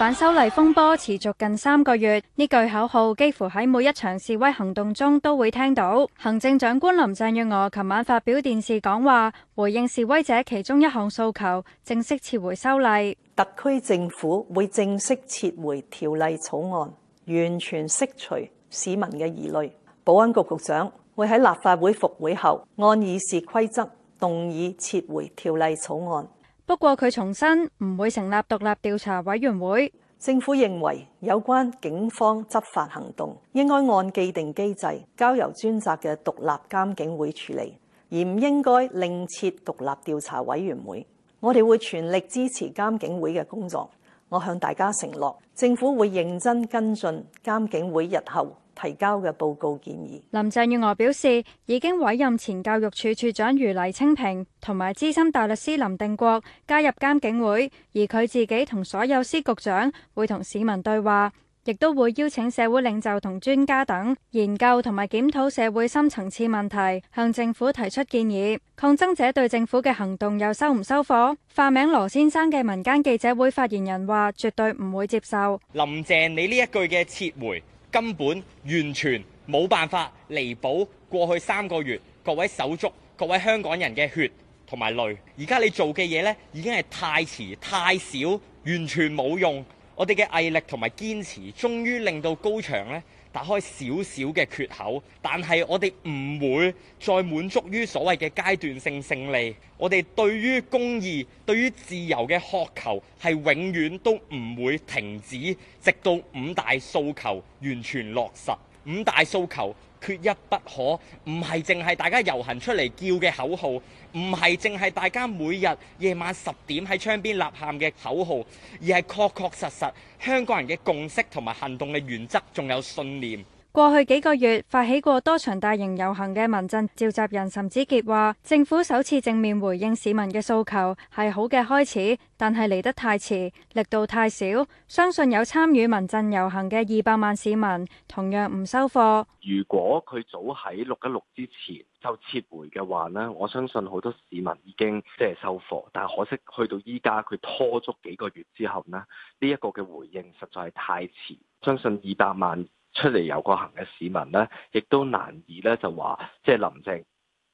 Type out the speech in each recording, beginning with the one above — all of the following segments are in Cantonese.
反修例風波持續近三個月，呢句口號幾乎喺每一場示威行動中都會聽到。行政長官林鄭月娥琴晚發表電視講話，回應示威者其中一項訴求，正式撤回修例。特區政府會正式撤回條例草案，完全釋除市民嘅疑慮。保安局局長會喺立法會復會後，按議事規則動議撤回條例草案。不過佢重申唔會成立獨立調查委員會。政府認為有關警方執法行動應該按既定機制交由專責嘅獨立監警會處理，而唔應該另設獨立調查委員會。我哋會全力支持監警會嘅工作。我向大家承諾，政府會認真跟進監警會日後。提交嘅報告建議。林鄭月娥表示，已經委任前教育署署長余黎清平同埋資深大律師林定國加入監警會，而佢自己同所有司局長會同市民對話，亦都會邀請社會領袖同專家等研究同埋檢討社會深層次問題，向政府提出建議。抗爭者對政府嘅行動又收唔收火？化名羅先生嘅民間記者會發言人話：絕對唔會接受。林鄭，你呢一句嘅撤回。根本完全冇辦法彌補過去三個月各位手足、各位香港人嘅血同埋淚，而家你做嘅嘢咧，已經係太遲太少，完全冇用。我哋嘅毅力同埋堅持，終於令到高牆咧，打開少少嘅缺口，但係我哋唔會再滿足於所謂嘅階段性勝利。我哋對於公義、對於自由嘅渴求係永遠都唔會停止，直到五大訴求完全落實。五大訴求，缺一不可，唔係淨係大家遊行出嚟叫嘅口號，唔係淨係大家每日夜晚十點喺窗邊吶喊嘅口號，而係確確實實香港人嘅共識同埋行動嘅原則，仲有信念。過去幾個月發起過多場大型遊行嘅民陣召集人岑子杰話，政府首次正面回應市民嘅訴求係好嘅開始，但係嚟得太遲，力度太少。相信有參與民陣遊行嘅二百萬市民同樣唔收貨。如果佢早喺六一六之前就撤回嘅話呢，我相信好多市民已經即係收貨，但係可惜去到依家佢拖足幾個月之後呢，呢呢一個嘅回應實在係太遲，相信二百萬。出嚟遊過行嘅市民咧，亦都難以咧就話，即係林鄭，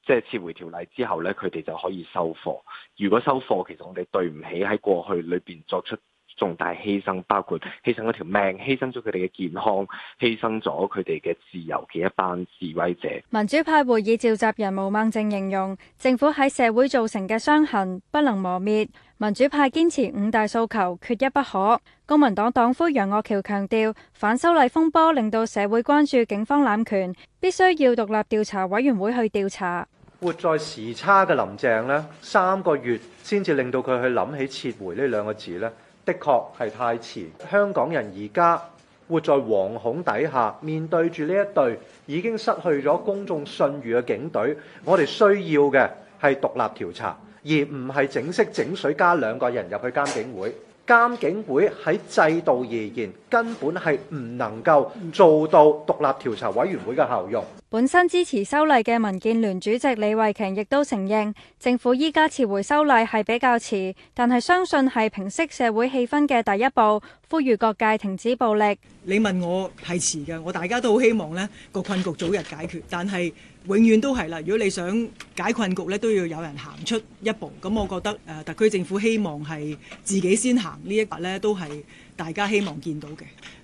即係撤回條例之後咧，佢哋就可以收貨。如果收貨，其實我哋對唔起喺過去裏邊作出重大犧牲，包括犧牲咗條命，犧牲咗佢哋嘅健康，犧牲咗佢哋嘅自由嘅一班示威者。民主派會議召集人毛孟靜形容，政府喺社會造成嘅傷痕不能磨滅。民主派堅持五大訴求，缺一不可。公民黨黨魁楊岳橋強調，反修例風波令到社會關注警方濫權，必須要獨立調查委員會去調查。活在時差嘅林鄭呢，三個月先至令到佢去諗起撤回呢兩個字呢。的確係太遲，香港人而家活在惶恐底下，面對住呢一隊已經失去咗公眾信譽嘅警隊，我哋需要嘅係獨立調查，而唔係整色整水加兩個人入去監警會。監警會喺制度而言，根本係唔能夠做到獨立調查委員會嘅效用。本身支持修例嘅民建聯主席李慧瓊亦都承認，政府依家撤回修例係比較遲，但係相信係平息社會氣氛嘅第一步，呼籲各界停止暴力。你問我係遲嘅，我大家都好希望呢個困局早日解決，但係永遠都係啦。如果你想解困局呢，都要有人行出一步。咁我覺得誒、呃，特區政府希望係自己先行，呢一步呢，都係大家希望見到嘅。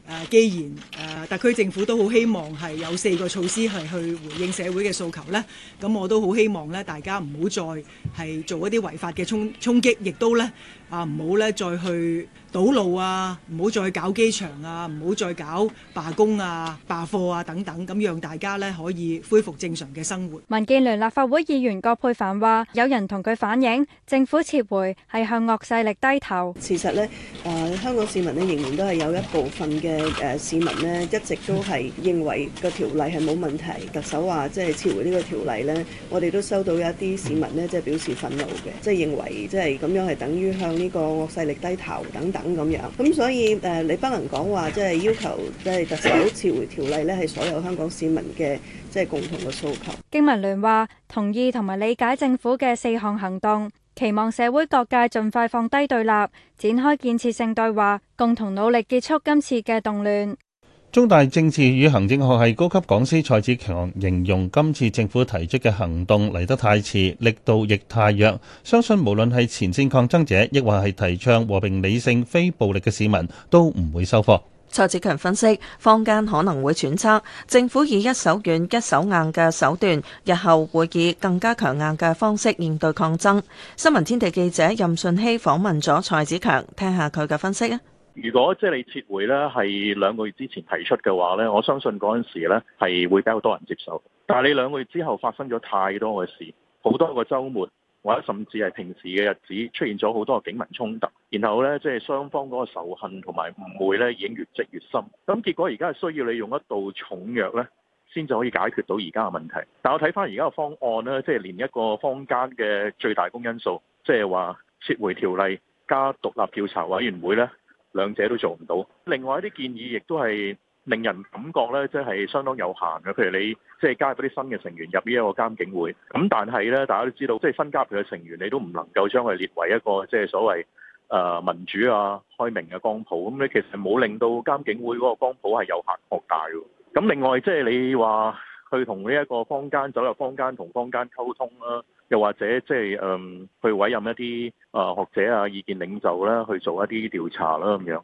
誒，既然誒特區政府都好希望係有四個措施係去回應社會嘅訴求咧，咁我都好希望咧，大家唔好再係做一啲違法嘅衝衝擊，亦都咧啊唔好咧再去堵路啊，唔好再搞機場啊，唔好再搞罷工啊、罷課啊等等，咁讓大家咧可以恢復正常嘅生活。民建聯立法會議員葛珮帆話，有人同佢反映，政府撤回係向惡勢力低頭。其實咧，誒香港市民咧仍然都係有一部分嘅。誒誒市民呢一直都係認為個條例係冇問題，特首話即係撤回呢個條例呢，我哋都收到一啲市民呢，即係表示憤怒嘅，即係認為即係咁樣係等於向呢個惡勢力低頭等等咁樣。咁所以誒，你不能講話即係要求即係特首撤回條例呢，係所有香港市民嘅即係共同嘅訴求。經文聯話同意同埋理解政府嘅四項行動。期望社會各界盡快放低對立，展開建設性對話，共同努力結束今次嘅動亂。中大政治與行政學系高級講師蔡子強形容今次政府提出嘅行動嚟得太遲，力度亦太弱，相信無論係前線抗爭者，亦或係提倡和平理性、非暴力嘅市民，都唔會收貨。蔡子強分析，坊間可能會揣測，政府以一手軟一手硬嘅手段，日後會以更加強硬嘅方式應對抗爭。新聞天地記者任信希訪問咗蔡子強，聽下佢嘅分析啊。如果即係你撤回呢係兩個月之前提出嘅話呢，我相信嗰陣時呢係會比較多人接受。但係你兩個月之後發生咗太多嘅事，好多個周末。或者甚至係平時嘅日子出現咗好多警民衝突，然後呢，即係雙方嗰個仇恨同埋誤會呢已經越積越深，咁結果而家係需要你用一道重藥呢先至可以解決到而家嘅問題。但我睇翻而家嘅方案呢，即係連一個坊間嘅最大公因數，即係話撤回條例加獨立調查委員會呢，兩者都做唔到。另外一啲建議亦都係，令人感覺咧，即係相當有限嘅。譬如你即係加入啲新嘅成員入呢一個監警會，咁但係咧，大家都知道，即係新加入嘅成員，你都唔能夠將佢列為一個即係所謂誒民主啊、開明嘅光譜。咁你其實冇令到監警會嗰個光譜係有限擴大。咁另外，即係你話去同呢一個坊間走入坊間，同坊間溝通啦，又或者即係誒去委任一啲啊學者啊意見領袖啦去做一啲調查啦咁樣。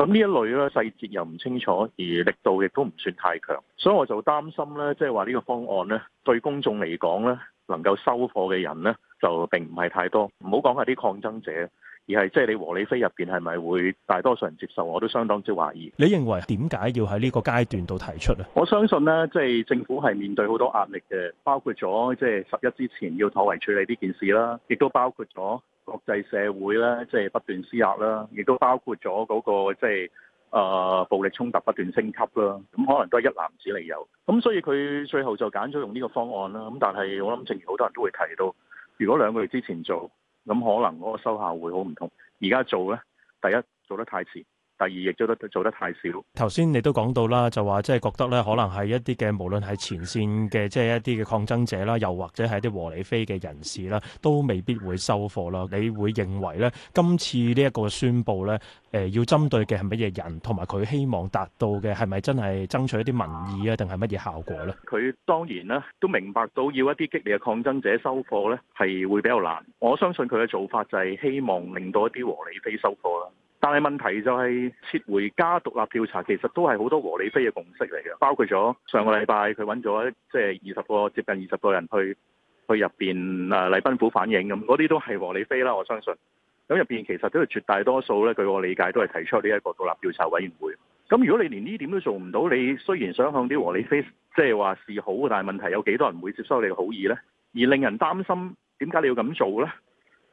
咁呢一類咧細節又唔清楚，而力度亦都唔算太強，所以我就擔心咧，即係話呢個方案咧對公眾嚟講咧，能夠收貨嘅人咧就並唔係太多，唔好講係啲抗爭者。而係即係你和理非入邊係咪會大多數人接受？我都相當之懷疑。你認為點解要喺呢個階段度提出啊？我相信呢，即係政府係面對好多壓力嘅，包括咗即係十一之前要妥為處理呢件事啦，亦都包括咗國際社會啦，即係不斷施壓啦，亦都包括咗嗰個即係啊暴力衝突不斷升級啦。咁可能都係一籃子理由。咁所以佢最後就揀咗用呢個方案啦。咁但係我諗正如好多人都會提到，如果兩個月之前做。咁可能嗰個收效會好唔同，而家做咧，第一做得太遲。第二，亦做得做得太少。頭先你都講到啦，就話即係覺得咧，可能係一啲嘅，無論係前線嘅，即係一啲嘅抗爭者啦，又或者係一啲和理非嘅人士啦，都未必會收貨啦。你會認為咧，今次呢一個宣佈咧，誒、呃、要針對嘅係乜嘢人，同埋佢希望達到嘅係咪真係爭取一啲民意啊，定係乜嘢效果咧？佢當然啦，都明白到要一啲激烈嘅抗爭者收貨咧，係會比較難。我相信佢嘅做法就係希望令到一啲和理非收貨啦。但係問題就係撤回加獨立調查，其實都係好多和理非嘅共識嚟嘅，包括咗上個禮拜佢揾咗即係二十個接近二十個人去去入邊啊禮賓府反映咁，嗰啲都係和理非啦，我相信咁入邊其實都係絕大多數呢，據我理解都係提出呢一個獨立調查委員會。咁如果你連呢點都做唔到，你雖然想向啲和理非即係話示好，但係問題有幾多人會接收你嘅好意呢？而令人擔心，點解你要咁做呢？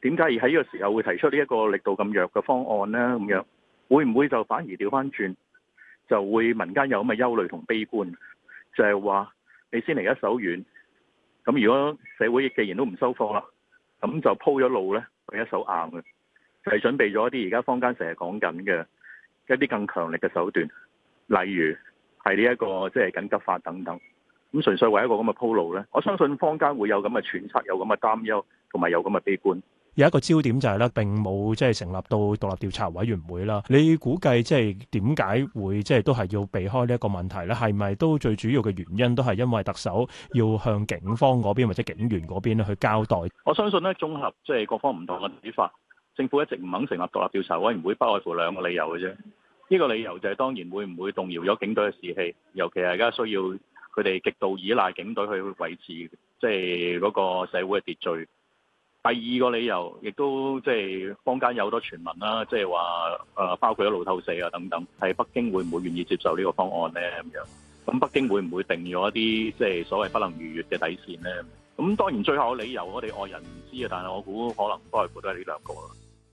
點解而喺呢個時候會提出呢一個力度咁弱嘅方案咧？咁樣會唔會就反而調翻轉，就會民間有咁嘅憂慮同悲觀，就係話你先嚟一手軟，咁如果社會既然都唔收貨啦，咁就鋪咗路咧，係一手硬，係準備咗一啲而家坊間成日講緊嘅一啲更強力嘅手段，例如係呢一個即係緊急法等等。咁純粹為一個咁嘅鋪路咧，我相信坊間會有咁嘅揣測、有咁嘅擔憂同埋有咁嘅悲觀。有一個焦點就係、是、咧，並冇即係成立到獨立調查委員會啦。你估計即係點解會即係、就是、都係要避開呢一個問題咧？係咪都最主要嘅原因都係因為特首要向警方嗰邊或者警員嗰邊去交代？我相信咧，綜合即係各方唔同嘅睇法，政府一直唔肯成立獨立調查委員會，不外乎兩個理由嘅啫。呢、這個理由就係當然會唔會動搖咗警隊嘅士氣，尤其係而家需要佢哋極度依賴警隊去維持即係嗰個社會嘅秩序。第二個理由，亦都即係、就是、坊間有好多傳聞啦，即係話誒，包括咗路透社啊等等，喺北京會唔會願意接受呢個方案呢？咁樣，咁北京會唔會定咗一啲即係所謂不能逾越嘅底線呢？咁當然最後嘅理由我哋外人唔知啊，但係我估可能都係冇得呢兩個。